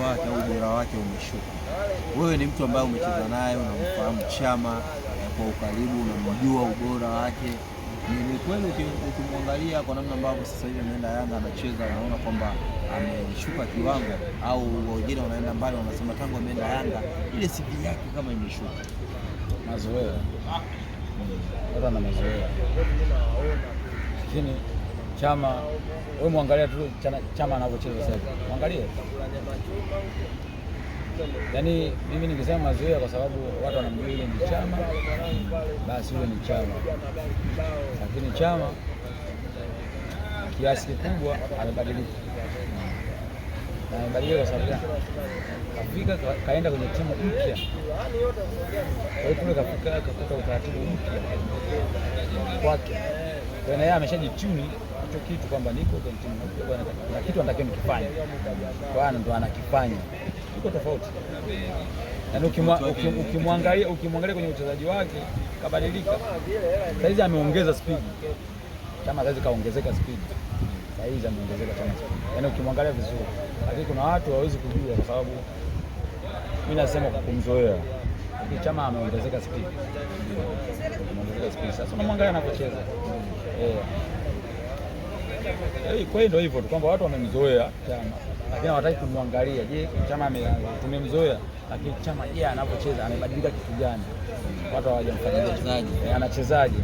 wake au ubora wake umeshuka. Wewe ni mtu ambaye umecheza naye, unamfahamu Chama kwa ukaribu, unamjua ubora wake. Ni kweli ukimwangalia kwa namna ambavyo sasa hivi ameenda Yanga anacheza, anaona kwamba ameshuka kiwango, au wengine wanaenda mbali wanasema tangu ameenda Yanga ile sifa yake kama imeshuka. Mazoea hata na mazoea lakini Chama wewe mwangalia tu Chama anavyocheza sasa muangalie. Yaani mimi nikisema mazoea, kwa sababu watu wanamjua ile ni Chama, basi yule ni Chama, lakini Chama kiasi kikubwa amebadilika na amebadilika kwa sababu kafika kaenda kwenye timu mpya, kwa hiyo kafika kakuta utaratibu mpya kwake, kwa hiyo naye ameshajichuni hicho kitu kwamba niko kwenye timu na kitu anatakiwa nikifanye, bwana ndo anakifanya. Iko tofauti na yaani ukimwangalia, ukimwangalia kwenye uchezaji wake kabadilika. Saizi ameongeza spidi, Chama saizi kaongezeka spidi, saizi ameongezeka Chama spidi, yaani ukimwangalia vizuri, lakini kuna watu hawawezi kujua kwa sababu mimi nasema kwa kumzoea Chama ameongezeka spidi, ameongezeka spidi. Sasa unamwangalia anapocheza eh kwa hiyo ndio hivyo tu kwamba watu wamemzoea chama, lakini hawataki kumwangalia. Je, chama tumemzoea, lakini chama je, anapocheza amebadilika kitu gani? Watu hawajamfuatilia eh, anachezaje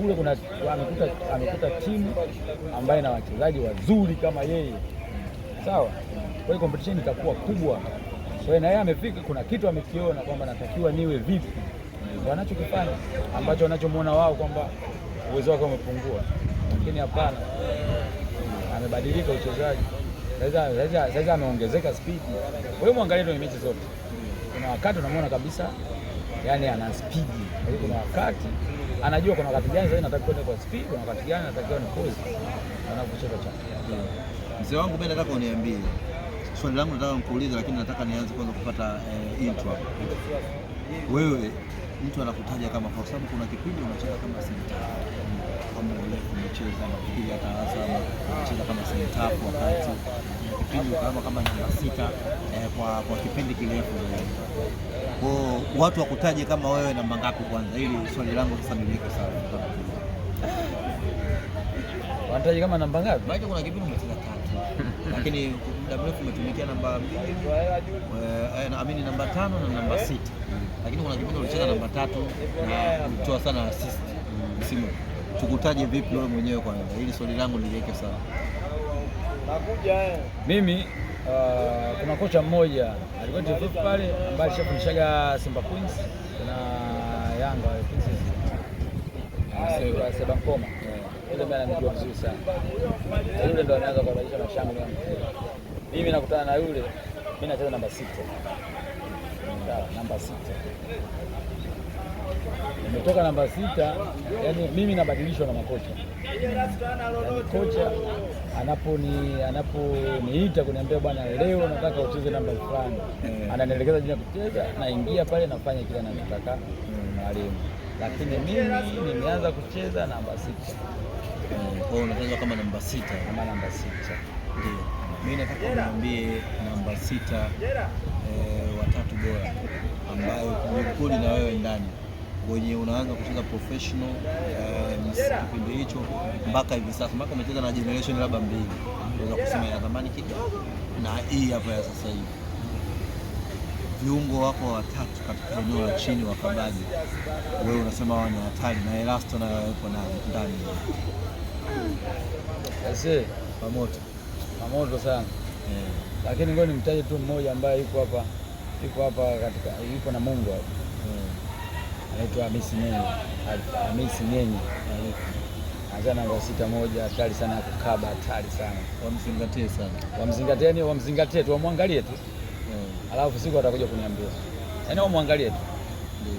kule. Kuna amekuta timu ambayo ina wachezaji wazuri kama yeye, sawa. Kwa hiyo competition itakuwa kubwa, so na yeye amefika, kuna kitu amekiona kwamba natakiwa niwe vipi, wanachokifanya ambacho wanachomwona wao kwamba uwezo wake umepungua lakini hapana, amebadilika uchezaji sasa, ameongezeka spidi. Wewe mwangalie kwenye mechi zote, kuna wakati unamwona kabisa, yani ana spidi, kuna wakati anajua kuna wakati gani sasa natakiwa kwenda kwa spidi, kuna wakati gani natakiwa ni pause anapocheza chapa. Mzee wangu mimi nataka uniambie swali langu, nataka nikuulize, lakini nataka nianze kwanza kupata eh, intro hapo. Wewe mtu anakutaja kama, kwa sababu kuna kipindi unacheza kama senta kucheza na kupiga tarasa na kucheza kama sentafu wakati kipindi ukaama kama namba sita eh, kwa, kwa kipindi kirefu zaidi. Kwa watu wakutaje kama wewe namba ngapi? Kwanza ili swali langu sasa niliweke sana, wanataje kama namba ngapi? Maana kuna kipindi umecheza tatu lakini muda mrefu umetumikia namba mbili, eh, naamini namba tano na namba sita, lakini kuna kipindi ulicheza namba tatu na ulitoa sana assist msimu mm tukutaje vipi wewe mwenyewe kwanza, ili swali langu niliweke sawa. Eh. Mimi uh, kuna kocha mmoja alikuwa TFF pale ambaye alishafundishaga Simba Queens na Yanga Princess ah, Sebankoma, eh. yule mimi vizuri sana, yule ndo anaweza kubadilisha yangu. Mimi nakutana na yule, mimi nacheza namba sita, namba sita nimetoka namba sita. Yani mimi nabadilishwa na makocha, yani kocha anaponi anaponiita kuniambia, bwana, leo nataka ucheze namba fulani, mm. ananielekeza jina ya kucheza, naingia pale nafanya kile anachotaka mm. mwalimu, lakini mimi nimeanza kucheza namba sita. Mm. Kwa hiyo unacheza kama namba sita, kama namba sita ndio mimi nataka niambie namba sita, eh, watatu bora ambayo kulikuwa na wewe ndani wenye unaanza kucheza professional eh, kipindi hicho mpaka hivi sasa, mpaka umecheza na generation labda mbili, unaweza kusema ya zamani kidogo na hii hapa ya sasa hivi. Viungo wako watatu katika eneo la chini wa kabaji, wewe unasema wao ni hatari, na Erasto nayo yuko na ndani ase pamoto pamoto sana yeah. Lakini ngoja nimtaje tu mmoja ambaye yuko hapa yuko hapa katika yuko na Mungu hapa anaitwa Hamisi Nyenye, Hamisi Nyenye anza namba sita moja. Hatari sana ya kukaba, hatari sana, wamzingatie sana, ni wamzingatie tu, wamwangalie tu, alafu siku atakuja kuniambia, yaani wamwangalie tu. Ndio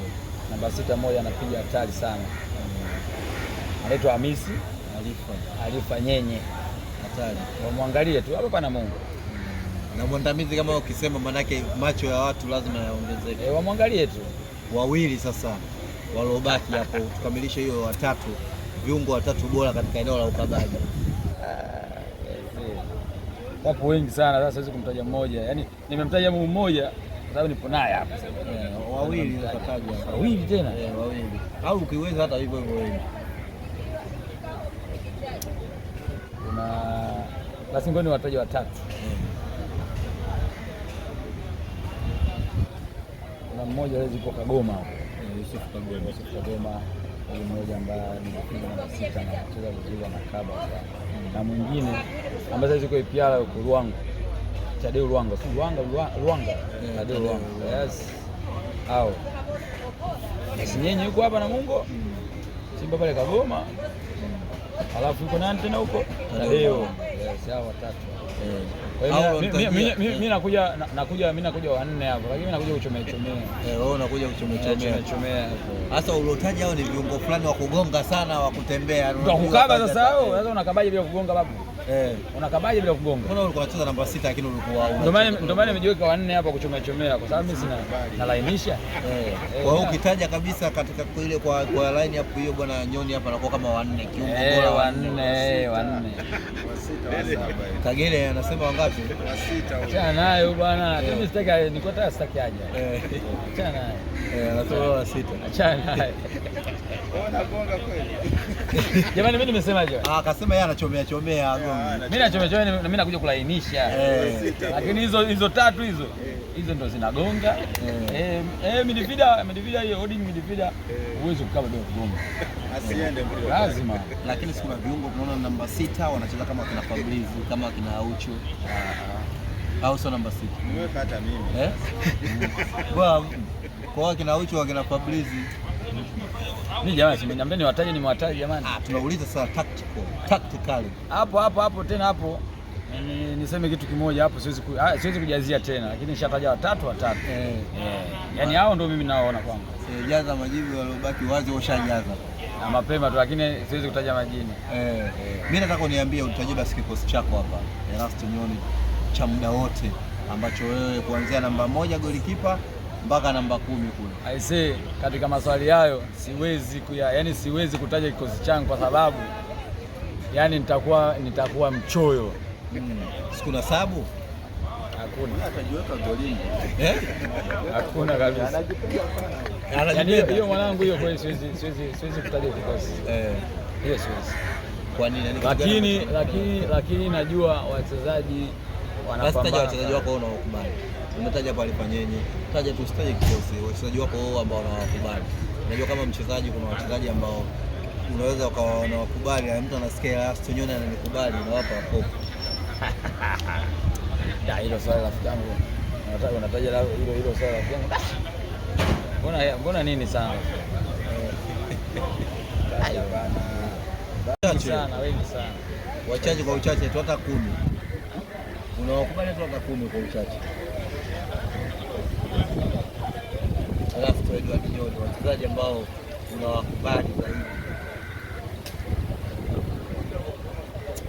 namba sita moja anapiga hatari sana, anaitwa Hamisi Alifa, Alifa Nyenye, hatari, wamwangalie tu hapo pana Mungu na mwandamizi kama ukisema, maanake macho ya watu lazima yaongezeke. E, wamwangalie tu wawili sasa waliobaki hapo, tukamilishe hiyo watatu, viungo watatu bora katika eneo la ukabaji. Ah, eh, eh. Wapo wengi sana, sasa siwezi kumtaja mmoja, yani nimemtaja mmoja kwa sababu nipo naye hapa. Eh, wawili watatajwa, wawili tena, wawili au ukiweza hata hivyo hivyo wengi. Kuna basi ni wataja watatu. mmoja leo yuko Kagoma hapo, eh, Yusuf Kagoma, Yusuf Kagoma huyu mmoja ambaye anapiga namba sita na anacheza vizuri na kaba na mwingine ambaye yuko IPR yuko Ruangwa, Tadeu Ruangwa, si Ruangwa, Ruangwa, eh, Tadeu Ruangwa, yes au Sinyenye yuko hapa na Mungo mm. Simba pale Kagoma, mm. alafu yuko nani tena huko Tadeu Yes, hao watatu. Mimi eh. nakuja nakuja mimi nakuja wanne hapo, lakini mimi nakuja kuchomea chomea. Eh, wewe unakuja kuchomea eh, chomea hapo. Sasa uliotaja hao ni viungo fulani wa kugonga sana wa kutembea. Utakukaba sasa hao, eh. sasa unakabaje bila kugonga babu? Eh, unakabaje bila kugonga? Mbona ulikuwa unacheza namba 6 lakini ulikuwa ndio maana ndio maana nimejiweka wanne hapa kuchomea chomea kwa sababu mimi sina nalainisha. Eh, eh. Kwa hiyo eh. ukitaja kabisa katika ile kwa kwa line hapo hiyo bwana Nyoni hapa anakuwa kama wanne kiungo bora eh, wanne wanne. Kagere anasema wangapi? Achana nayo bwana. Mimi sitaki niko sitaki aje. Achana nayo. Eh, anasema wa sita. Achana nayo. Unagonga kweli? Jamani mimi nimesema je? Ah, akasema yeye anachomea chomea agonga mimi nachomechoa na mimi nakuja kulainisha, eh. lakini hizo hizo tatu hizo hizo ndo zinagonga eh. Eh, eh midifida midifida hiyo holding midifida uweze kukaa bila kugonga, eh. asiende mbele lazima. Lakini siku na viungo, tunaona namba sita wanacheza kama kina Fabrizi kama kina Aucho ah, au sio? Namba sita nimeweka hata mimi eh, kwa kwa kina Aucho kina Fabrizi ni jamani, simeniambia ni wataje, nimewataja jamani. Ah, tunauliza sasa tactical, tactically. Hapo hapo hapo tena hapo. Ni Niseme kitu kimoja hapo, siwezi ku, ah, siwezi kujazia tena, lakini nishataja watatu watatu. Eh. Eh. Yaani hao ndio mimi naoona kwangu. Eh, jaza majibu waliobaki wazi washajaza. Na mapema tu, lakini siwezi kutaja majina. Eh. Eh. Mimi nataka uniambie utaje basi kikosi chako hapa. Erasto Nyoni cha muda wote ambacho wewe kuanzia namba moja golikipa mpaka namba kumi kule. Aisee, katika maswali hayo siwezi kuya, yani siwezi kutaja kikosi changu kwa sababu yani nitakuwa nitakuwa mchoyo mm. na sabu hakuna eh? kabisa. Hiyo mwanangu, hiyo kweli siwezi siwezi siwezi kutaja kikosi eh. Yes, yes. kwa nini, yaani lakini lakini lakini lakini najua wachezaji wanapambana. Wachezaji wako unaokubali umetaja pale fanyenye, taja tu staje kikosi, wachezaji wako wao ambao wanawakubali. Unajua kama mchezaji, kuna wachezaji ambao unaweza ukawa wanawakubali na mtu anasikia last nyone ananikubali na wapa wakopo. Da, hilo swali rafiki yangu, unataja hilo hilo swali rafiki yangu. Mbona mbona nini sana? Sana wengi sana. Wachache kwa uchache tu hata kumi. Unawakubali tu hata kumi kwa uchache. wachezaji ambao unawakubali zaidi.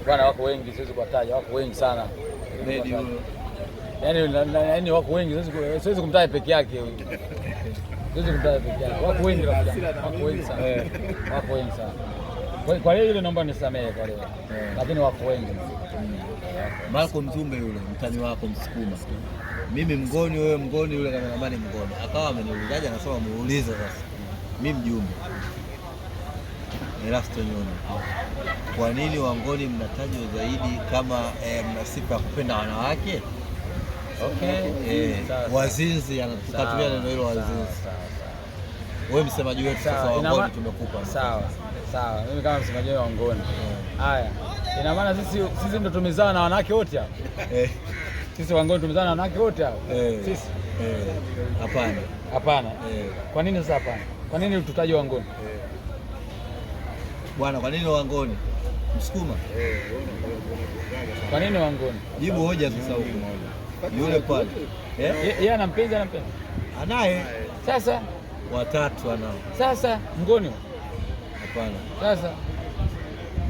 Bwana, wako wengi, siwezi kuwataja, wako wengi sana. Yani, huyo, yaani, yaani wako wengi, siwezi kumtaja peke yake huyo, siwezi kumtaja peke yake, wako wengi, wako wengi sana, eh. wako wengi sana. Kwa hiyo ile naomba nisamehe kwa leo, eh. lakini wako wengi. Marco Mzumbe yule mtani wako Msukuma mimi mgoni, wewe mgoni, yule kameramani mgoni. Akawa ameniulizaje, anasema muulize sasa, mi mjumbe Erastonyoni, kwa nini Wangoni mnatajwa zaidi kama eh, mna sifa ya kupenda wanawake? Okay, eh, wazinzi, tukatumia neno hilo wazinzi. Wewe msemaji wetu sasa, Wangoni tumekupa sawa sawa. Mimi kama msemaji wa Wangoni, eh. haya, ina maana sisi sisi ndo tumezaa na wanawake wote hapa eh. Sisi Wangoni tumezana wanawake wote hao eh, sisi. Eh, hapana, hapana. Eh. Kwa nini sasa? Hapana, kwa nini tutaje Wangoni bwana? Kwa nini Wangoni? Msukuma. Kwa nini Wangoni? Jibu hoja sasa huko. Yule pale. Yeye anampenza anampenza. Anaye. Sasa watatu anao. Sasa ngoni Hapana. Sasa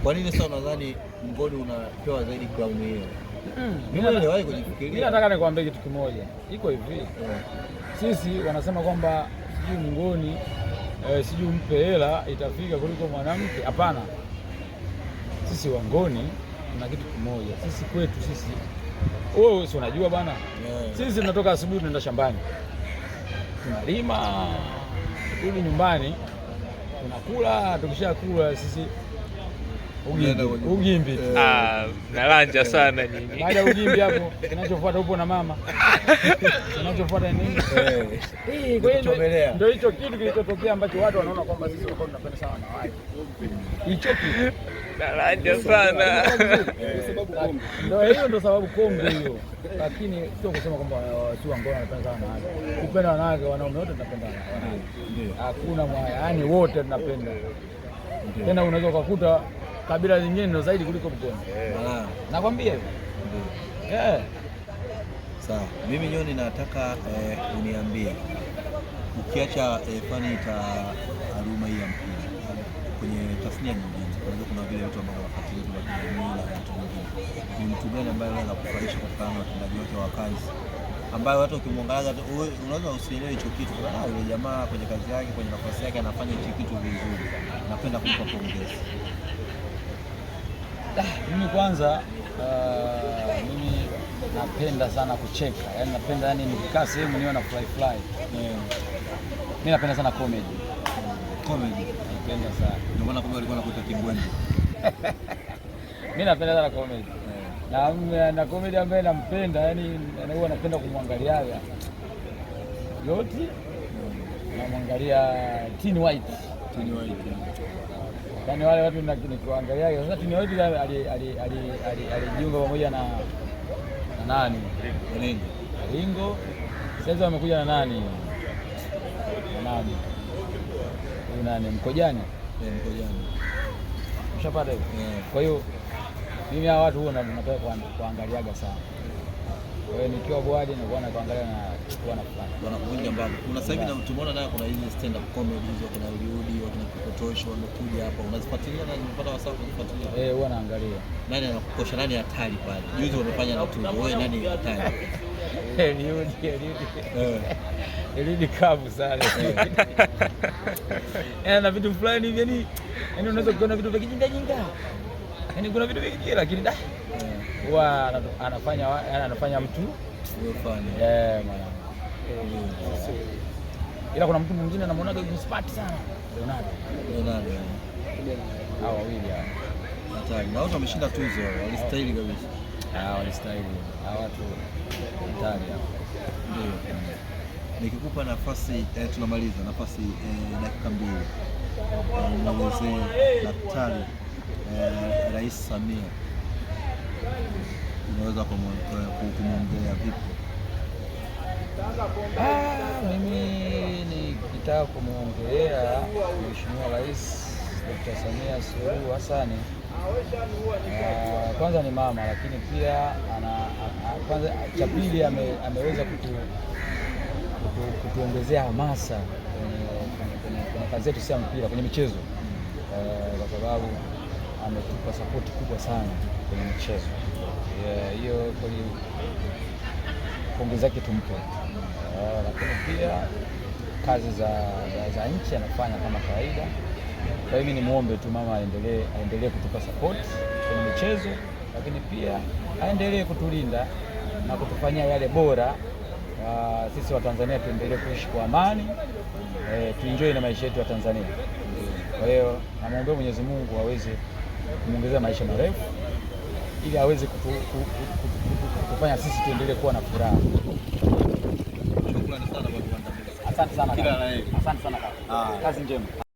kwa nini sasa unadhani Mngoni unapewa zaidi kwa hiyo? Mm. Mimi nataka nikwambie kitu kimoja, iko hivi. Sisi wanasema kwamba sijui mngoni eh, sijui mpe hela itafika kuliko mwanamke. Hapana, sisi wangoni tuna kitu kimoja, sisi kwetu sisi wewe si unajua bwana, sisi tunatoka asubuhi tunaenda shambani tunalima, turudi nyumbani tunakula, tukishakula sisi Ugimbi eh. ah, nalanja sana nyinyi. Baada ya ugimbi hapo, kinachofuata upo na mama, kinachofuata nini? Eh. Ndio hicho kitu kilichotokea ambacho watu wanaona kwamba sisi tulikuwa tunapenda sana wanawake, hicho kitu nalanja sana. Ndio eh. hiyo ndio sababu kombe hiyo, lakini sio kusema kwamba watu ambao wanapenda sana wanawake, kupenda wanawake, wanaume wote tunapenda wanawake, hakuna mwaya, yaani, wote tunapenda tena, unaweza ukakuta kabila lingine ndio zaidi kuliko Mkonde, eh. nakwambia hivyo. Eh. Sawa, mimi nyo ninataka eh, uniambie ukiacha eh, fani ta taaluma hii ya mpira kwenye tasnia nyingine, unajua kuna vile watu ambao wanafuatilia kwa na watu wengine, ni mtu gani ambaye anaweza anakufurahisha kwa na watendaji wake wa kazi ambayo watu ukimwangalia unaweza usielewe hicho kitu, ah, yule jamaa kwenye kazi yake, kwenye nafasi yake anafanya hicho kitu vizuri. Napenda kumpa pongezi. Ah, mimi kwanza uh, mimi napenda sana kucheka, yani napenda yani nikikaa sehemu niwe na fly fly. Yeah. Mimi napenda sana comedy. Comedy napenda sana. Ndio maana kumbe walikuwa wanakuita kibwenzi. Mimi napenda sana comedy. Yeah. Na na comedy ambaye nampenda yani na napenda kumwangalia Loti. Mm. Namwangalia Tin White. Tin White yani wale watu nikiwaangalia sasa, Tino Otti alijiunga pamoja na nani Ringo, sasa wamekuja na nani nani nani Mkojani, eh. Mkojani ushapata. Eh. Kwa hiyo mimi hawa watu huwa nataka kuangaliaga sana. Kwa hiyo nikiwa board na kuona kuangalia na kuwa na kufanya. Bwana kuingia mbali. Kuna sasa hivi tumeona nayo kuna hizi stand up comedy hizo kuna Uliudi, kuna Kikotosho wamekuja hapa. Unazifuatilia na unapata wasaa kuzifuatilia? Eh, huwa naangalia. Nani anakukosha nani hatari pale? Juzi wamefanya na tuzo. Wewe nani hatari? Eliudi, Eliudi. Eliudi kavu sana. Eh, na vitu fulani hivi yani, yani unaweza kuona vitu vya kijinga jinga. Yaani kuna vitu vingi lakini da huwa anafanya yani anafanya mtu yeah, mwana. Eh. Ila kuna mtu mwingine anamwona yuko smart sana Leonardo. Leonardo. Eh. Hao wawili hao. Hatari. Na watu wameshinda tuzo, walistahili kabisa. Ah, walistahili. Hao watu hatari hao. Ndio. Nikikupa nafasi eh, tunamaliza nafasi eh, dakika mbili. Mzee daktari eh, Rais Samia unaweza kumwongelea vipi? Ah, mimi nikitaka kumwongelea Mheshimiwa Rais Dkt. Samia Suluhu Hassan ah, kwanza ni mama lakini pia ana, ana, kwanza cha pili ame, ameweza kutuongezea kutu, hamasa kwenye kazi yetu sia mpira kwenye michezo ah, kwa sababu ametupa sapoti kubwa sana kwenye mchezo hiyo, yeah, pongezake pongezi tumpe. lakini pia kazi za, za, za nchi anafanya kama kawaida. Kwa hiyo mimi nimwombe tu mama aendelee aendelee kutupa sapoti kwenye michezo, lakini pia aendelee kutulinda na kutufanyia yale bora. Uh, sisi Watanzania tuendelee kuishi kwa amani eh, tuenjoy na maisha yetu ya Tanzania. Kwa hiyo namwombea Mwenyezi Mungu aweze kumwongezea maisha marefu ili aweze kufanya sisi tuendelee kuwa na furaha. Asante sana, asante sana, ah. kazi njema.